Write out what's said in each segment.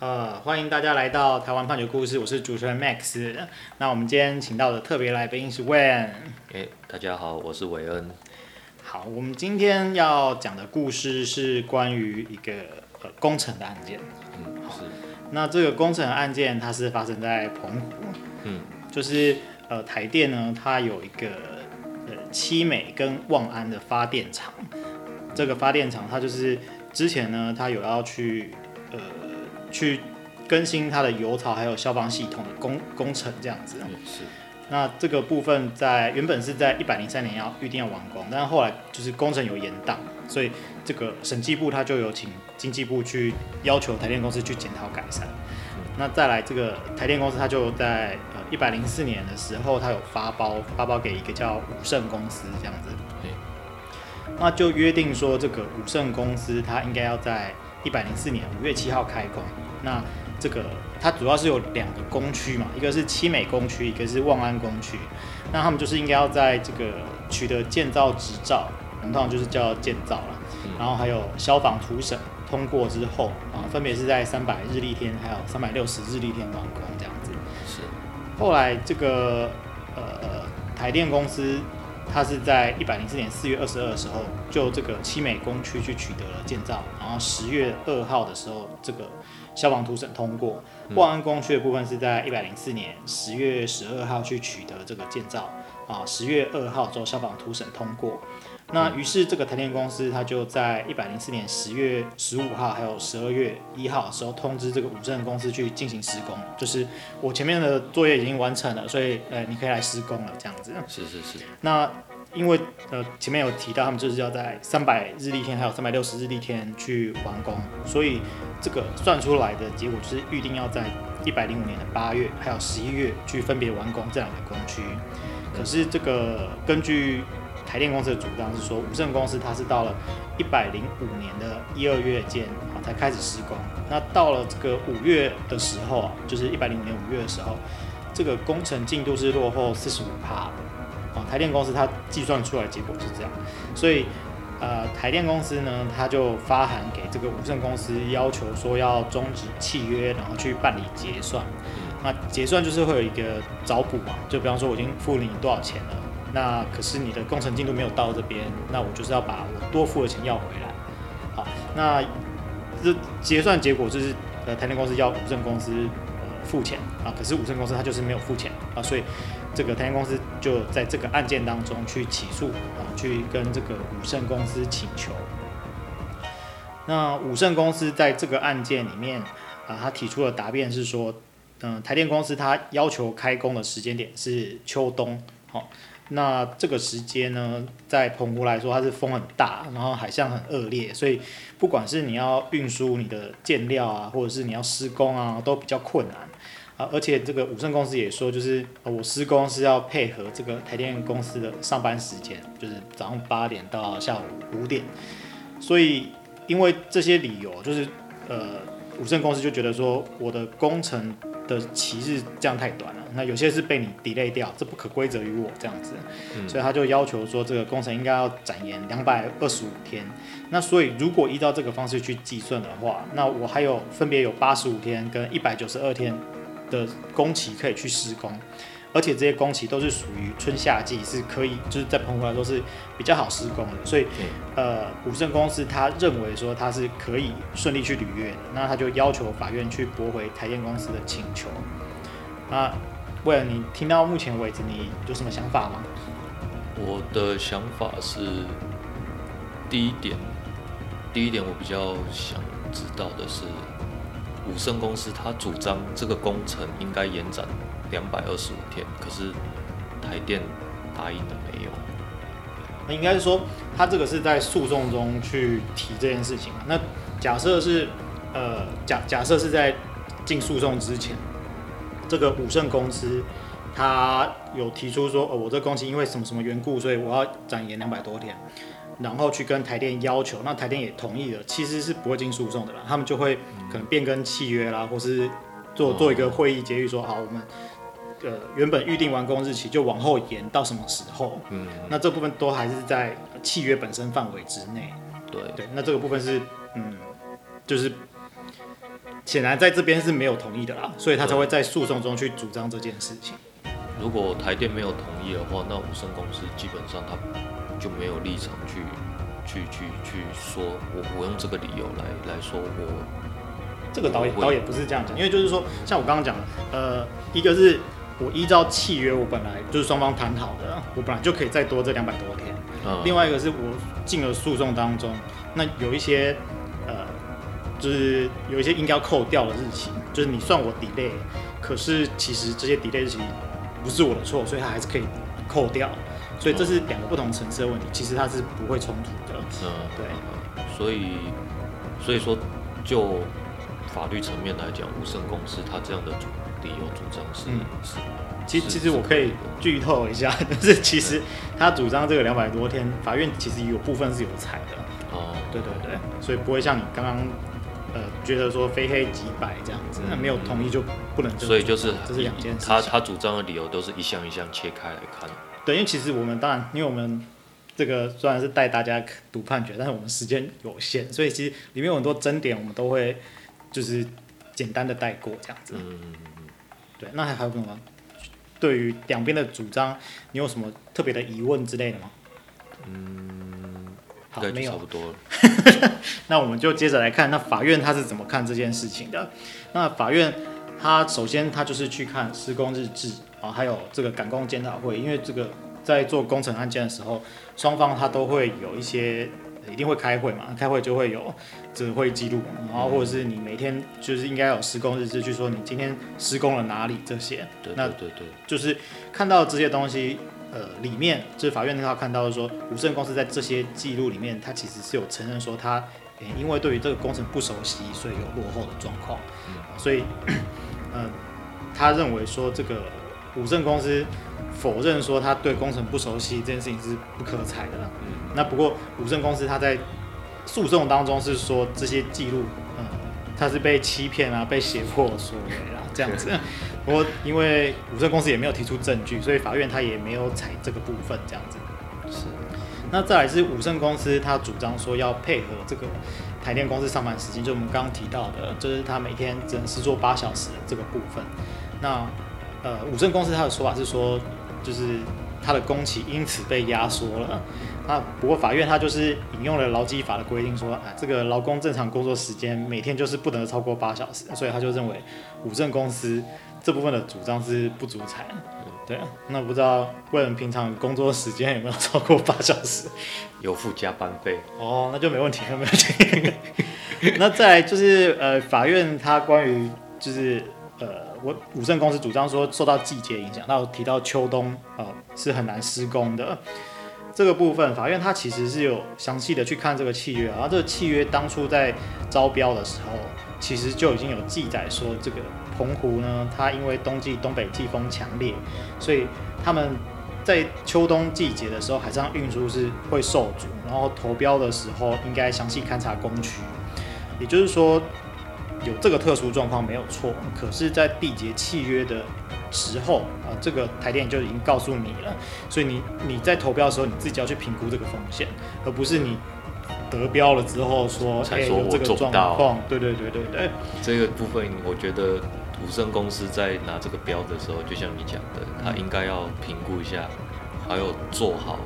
呃，歡迎大家來到台灣判決故事，我是主持人 Max。那我們今天請到的特別來賓是 Van。欸，大家好，我是維恩。好，我們今天要講的故事是關於一個呃工程的案件。嗯，好，那這個工程的案件它是發生在澎湖。嗯。就是呃台電呢，它有一個呃七美跟望安的發電廠。嗯。這個發電廠它就是之前呢，它有要去呃。去更新它的油槽，還有消防系統的工工程這樣子。那這個部分在原本是在一百零三年要預定要完工，但是後來就是工程有延宕，所以這個審計部他就有請經濟部去要求台電公司去檢討改善。那再來這個台電公司，他就在一百零四年的時候，他有發包發包給一個叫伍勝公司這樣子。那就約定說這個伍勝公司，他應該要在。一百零四年五月七號開工，那這個它主要是有兩個工區嘛，一個是七美工區，一個是望安工區。那他們就是應該要在這個取得建造執照，通常就是叫建造啦，然後還有消防圖審通過之後啊，後分別是在三百日曆天，還有三百六十日曆天完工這樣子。是，後來這個呃台電公司，他是在一百零四年四月二十二的時候，就這個七美工區去取得了建造，然後十月二號的時候，這個消防圖審通過。萬安工區的部分是在一百零四年十月十二號去取得這個建造，啊，十月二號之後消防圖審通過。那於是這個台電公司，他就在一百零四年十月十五號，還有十二月一號的時候，通知這個伍勝公司去進行施工。就是我前面的作業已經完成了，所以呃，你可以來施工了，這樣子。是是是。那因為呃前面有提到，他們就是要在三百日曆天，還有三百六十日曆天去完工，所以這個算出來的結果就是預定要在一百零五年的八月，還有十一月去分別完工這兩個工區。可是這個根據台電公司的主張是說，伍勝公司它是到了一百零五年的一二月間啊，才開始施工。那到了這個五月的時候啊，就是一百零五年五月的時候，這個工程進度是落後四十五趴的啊。台電公司它計算出來的結果是這樣，所以呃，台電公司呢，他就發函給這個伍勝公司，要求說要終止契約，然後去辦理結算。那結算就是會有一個找補嘛，就比方說我已經付了你多少錢了。那可是你的工程進度沒有到這邊，那我就是要把我多付的錢要回來。好，那這結算結果就是，呃，台電公司要伍勝公司呃付錢啊，可是伍勝公司他就是沒有付錢啊，所以這個台電公司就在這個案件當中去起訴啊，去跟這個伍勝公司請求。那伍勝公司在這個案件裡面啊，他提出的答辯是說，嗯、呃，台電公司他要求開工的時間點是秋冬，好、啊。那這個時間呢，在澎湖來說，它是風很大，然後海象很惡劣，所以不管是你要運輸你的建料啊，或者是你要施工啊，都比較困難啊。而且這個伍勝公司也說，就是我施工是要配合這個台電公司的上班時間，就是早上八點到下午五點。所以因為這些理由，就是呃，伍勝公司就覺得說，我的工程。的期日這樣太短了，那有些是被你 delay 掉，這不可歸責於我這樣子、嗯，所以他就要求說這個工程應該要展延兩百二十五天。那所以如果依照這個方式去計算的話，那我還有分別有八十五天跟一百九十二天的工期可以去施工。而且這些工期都是屬於春夏季，是可以就是在澎湖來說是比較好施工的。所以，嗯、呃，伍勝公司他認為說他是可以順利去履約的，那他就要求法院去駁回台電公司的請求。那為了你聽到目前為止，你有什麼想法嗎？我的想法是，第一點，第一點我比較想知道的是，伍勝公司他主張這個工程應該延展，兩百二十五天，可是台電答應的沒有。那應該是說，他這個是在訴訟中去提這件事情嘛？那假設是，呃，假假設是在進訴訟之前，嗯、這個伍勝公司他有提出說，哦、呃，我這公司因為什麼什麼緣故，所以我要展延兩百多天，然後去跟台電要求，那台電也同意了，其實是不會進訴訟的啦，他們就會可能變更契約啦，嗯、或是做做一個會議結語說、嗯、好，我們。呃，原本預定完工日期就往後延到什麼時候？嗯，那這部分都還是在契約本身範圍之內。對對，那這個部分是，嗯，就是顯然在這邊是沒有同意的啦，所以他才會在訴訟中去主張這件事情。如果台電沒有同意的話，那伍勝公司基本上他就沒有立場去去去去說，我我用這個理由來來說我。這個導演導演不是這樣講，因為就是說，像我剛剛講的，呃，一個是。我依照契約，我本來就是雙方談好的，我本來就可以再多這兩百多天、嗯。另外一個是我進了訴訟當中，那有一些呃，就是有一些應該要扣掉的日期，就是你算我 delay，可是其實這些 delay 日期不是我的錯，所以它還是可以扣掉。所以這是兩個不同層次的問題，嗯，其實它是不會衝突的。嗯，對。所以，所以說就法律層面來講，伍勝公司他這樣的主理由主張是，是、嗯，其實其實我可以劇透一下，但是其實他主張這個兩百多天，法院其實有部分是有採的。哦，對對對，所以不會像你剛剛呃覺得說非黑即白這樣子，那、嗯、沒有同意就不能這，所以就是這是兩件事，他他主張的理由都是一項一項切開來看，對，因為其實我們當然，因為我們這個雖然是帶大家讀判決，但是我們時間有限，所以其實裡面有很多爭點，我們都會就是簡單的帶過這樣子，嗯。對，那還還有什麼？對於兩邊的主張，你有什麼特別的疑問之類的嗎？嗯，好，沒有，差不多。 那我們就接着來看，那法院他是怎麼看這件事情的？那法院他首先他就是去看施工日誌啊，還有這個趕工監察會，因為這個在做工程案件的時候，雙方他都會有一些，一定會開會嘛，開會就會有。指揮記錄，然後或者是你每天就是應該有施工日誌，去說你今天施工了哪裡這些。對，那對對，對，就是看到這些東西，呃，裡面就是法院那套看到的，說，伍勝公司在這些記錄裡面，他其實是有承認說他、欸，因為對於這個工程不熟悉，所以有落後的狀況、嗯，所以，他、呃、認為說這個伍勝公司否認說他對工程不熟悉這件事情是不可採的、嗯、那不過伍勝公司他在訴訟當中是說，這些記錄，呃，他是被欺騙啊，被脅迫所為啦，這樣子。 不過因為伍勝公司也沒有提出證據，所以法院他也沒有採這個部分，這樣子。是。那再來是伍勝公司，他主張說要配合這個台電公司上班時間，就我們剛剛提到的，就是他每天只能是做八小時這個部分。那呃，伍勝公司他的說法是說，就是他的工期因此被壓縮了。那不過法院他就是引用了勞基法的規定說，說啊這個勞工正常工作時間每天就是不得超過八小時，所以他就認為伍勝公司這部分的主張是不足採。對啊，那不知道問平常工作時間有沒有超過八小時？有付加班費哦，那就沒問題，沒問題。 那再就是呃法院他關於就是呃我伍勝公司主張說受到季節影響，那我提到秋冬啊、呃，是很難施工的。這個部分法院它其實是有詳細的去看這個契約，然後這個契約當初在招標的時候，其實就已經有記載說，這個澎湖呢，它因為冬季東北季風強烈，所以他們在秋冬季節的時候，海上運輸是會受阻。然後投標的時候應該詳細勘察工區，也就是說有這個特殊狀況沒有錯，可是，在締結契約的時候啊，這個台電就已經告訴你了，所以你你在投標的時候，你自己要去評估這個風險，而不是你得標了之後說才說我做不到、欸、這個狀況我做不到。對對對，對，對，這個部分我覺得伍勝公司在拿這個標的時候，就像你講的、嗯，他應該要評估一下，還有做好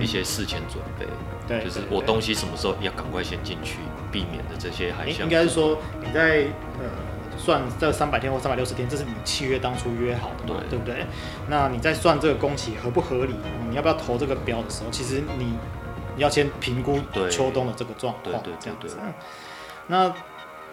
一些事前準備。對、嗯，就是我東西什麼時候要趕快先進去，避免的這些海象。應該是說你在呃算這三百天或三百六十天，這是你契約當初約好的嘛，對對不對？那你在算這個工期合不合理？你要不要投這個標的時候，其實你要先評估秋冬的這個狀況，這樣子。對對對對對對那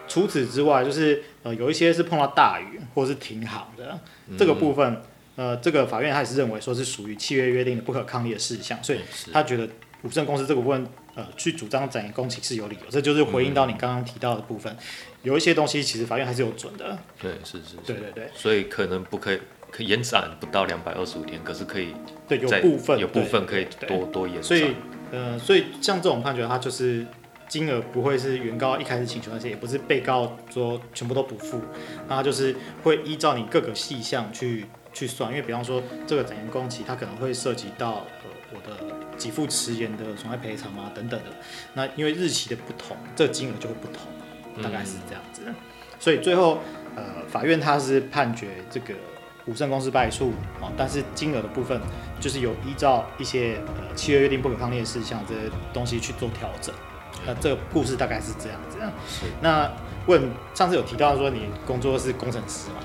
除此之外，就是呃，有一些是碰到大雨或者是停航的、嗯、這個部分，呃，這個法院還是認為說是屬於契約約定的不可抗力的事項，所以他覺得五證公司這個部分呃去主張轉移工期是有理由，這就是回應到你剛剛提到的部分。嗯嗯有一些東西其實法院還是有准的，對，是是，是，對對對，所以可能不可以可以延展不到兩百二十五天，可是可以對，有部分有部分可以多對對對多延，所以呃，所以像這種判決，他就是金額不會是原告一開始請求那些，而且也不是被告說全部都不付，那它就是會依照你各個細項去去算，因為比方說這個展延工期，它可能會涉及到呃我的給付遲延的損害賠償啊等等的，那因為日期的不同，這個金額就會不同。大概是這樣子。嗯，所以最後，呃，法院他是判決這個伍勝公司敗訴。喔，但是金額的部分就是有依照一些呃契約約定不可抗力事項這些東西去做調整，那這個故事大概是這樣子。是。那問上次有提到說你工作是工程師嘛？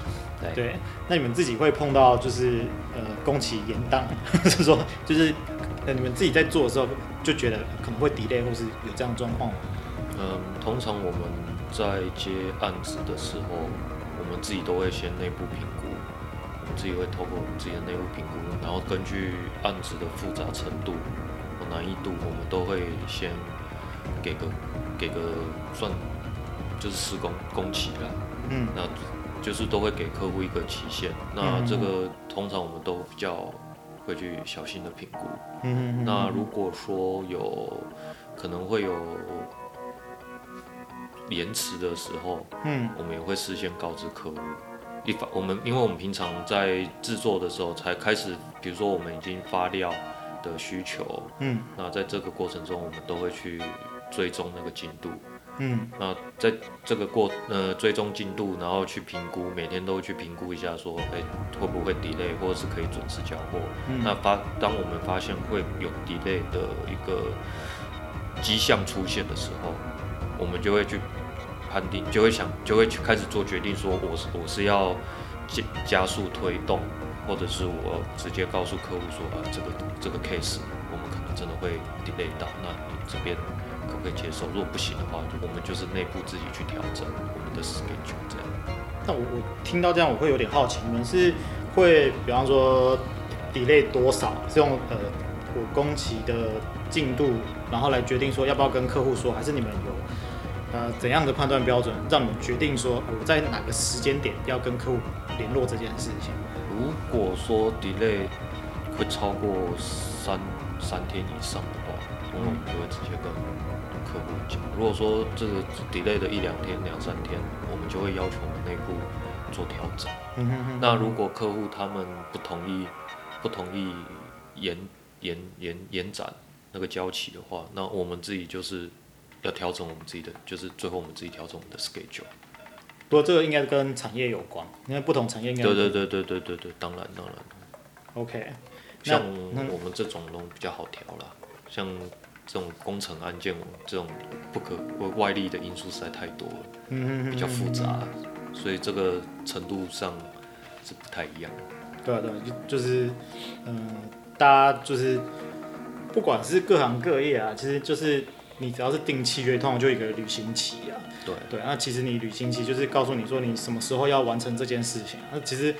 對。那你們自己會碰到就是呃工期延宕，是 說就是呃，你們自己在做的時候就覺得可能會 delay 或是有這樣狀況。嗯，通常我們。在接案子的時候，我們自己都會先內部評估，我們自己會透過我們自己的內部評估，然後根據案子的複雜程度和難易度，我們都會先給個給個算就是施工工期啦，嗯，那就是都會給客戶一個期限。那這個通常我們都比較會去小心的評估，嗯哼哼哼，那如果說有可能會有。延遲的時候，嗯，我們也會事先告知客戶。一般我們，因為我們平常在制作的時候才開始，比如說我們已經發料的需求，嗯，那在這個過程中，我們都會去追蹤那個進度，嗯，那在這個過呃追蹤進度，然後去評估，每天都會去評估一下說，說，欸，哎，會不會 delay 或者是可以準時交貨，嗯。那發當我們發現會有 delay 的一個跡象出現的時候。我們就會去判定，就會想，就會去開始做決定，說我是我是要加加速推動，或者是我直接告訴客戶說啊，這個這個 case 我們可能真的會 delay 到，那你這邊可不可以接受？如果不行的話，我們就是內部自己去調整我們的 schedule 這樣。那我我聽到這樣，我會有點好奇，你們是會比方說 delay 多少，是用呃我工期的進度，然後來決定說要不要跟客戶說，還是你們有？呃、啊，怎樣的判斷標準讓我們決定說我在哪個時間點要跟客戶聯絡這件事情？如果說 delay 會超過三三天以上的話，那我們就會直接跟客戶講，嗯。如果說這個 delay 的一兩天、兩三天，我們就會要求我們內部做調整，嗯哼哼。那如果客戶他們不同意，不同意延延延延展那個交期的話，那我們自己就是。要調整我們自己的，就是最後我們自己調整我們的 schedule。不過這個應該是跟產業有關，因為不同產業應該。對對對對對對對，當然當然。OK 像。像我們這種都比較好調了，像這種工程案件，我們這種不可外力的因素實在太多了，嗯，哼嗯，哼嗯比較複雜嗯嗯，所以這個程度上是不太一樣的。對啊對，對，就就是，嗯、呃，大家就是，不管是各行各業啊，其實就是。就是你只要是定契約，通常就一個履行期啊。對對，那其實你履行期就是告訴你說你什麼時候要完成這件事情啊。那其實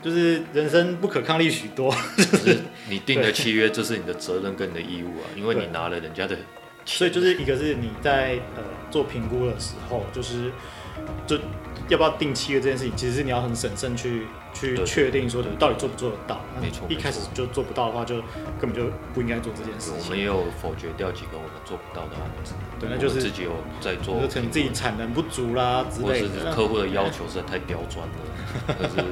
就是人生不可抗力許多。就是，是你定的契約，就是你的責任跟你的義務啊，因為你拿了人家的。所以就是一個是你在呃做評估的時候，就是就要不要定契約這件事情，其實是你要很審慎去。去確定說你到底做不做得到，沒錯。一開始就做不到的話，就根本就不應該做這件事情。我們也有否決掉幾個我們做不到的案子。對，那就是自己有在做，就是可能自己產能不足啦之類的，或者是，是客戶的要求實在太刁鑽了，就是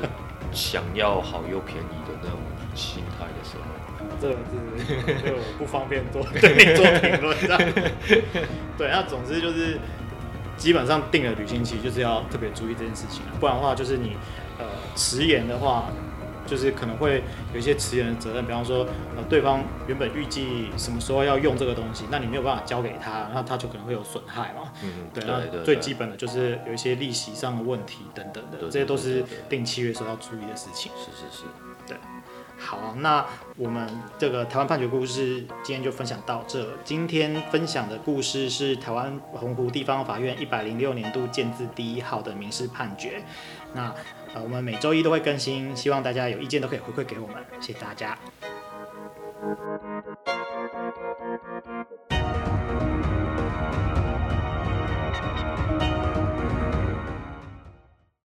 想要好又便宜的那種心態的時候，這個是就不方便做對 你 做評論。對，那總之就是基本上定了履行期，就是要特別注意這件事情啊，不然的話就是你。呃，遲延的話，就是可能會有一些遲延的責任，比方說，呃，對方原本預計什麼時候要用這個東西，那你沒有辦法交給他，那他就可能會有損害嘛。嗯對，對那最基本的就是有一些利息上的問題等等的，對對對對，這些都是訂契約時候要注意的事情。是是是。對。好啊，那我們這個台灣判決故事今天就分享到這。今天分享的故事是台灣澎湖地方法院一百零六年度建字第一號的民事判決。那啊，我們每周一都會更新，希望大家有意見都可以回饋給我們，謝謝大家。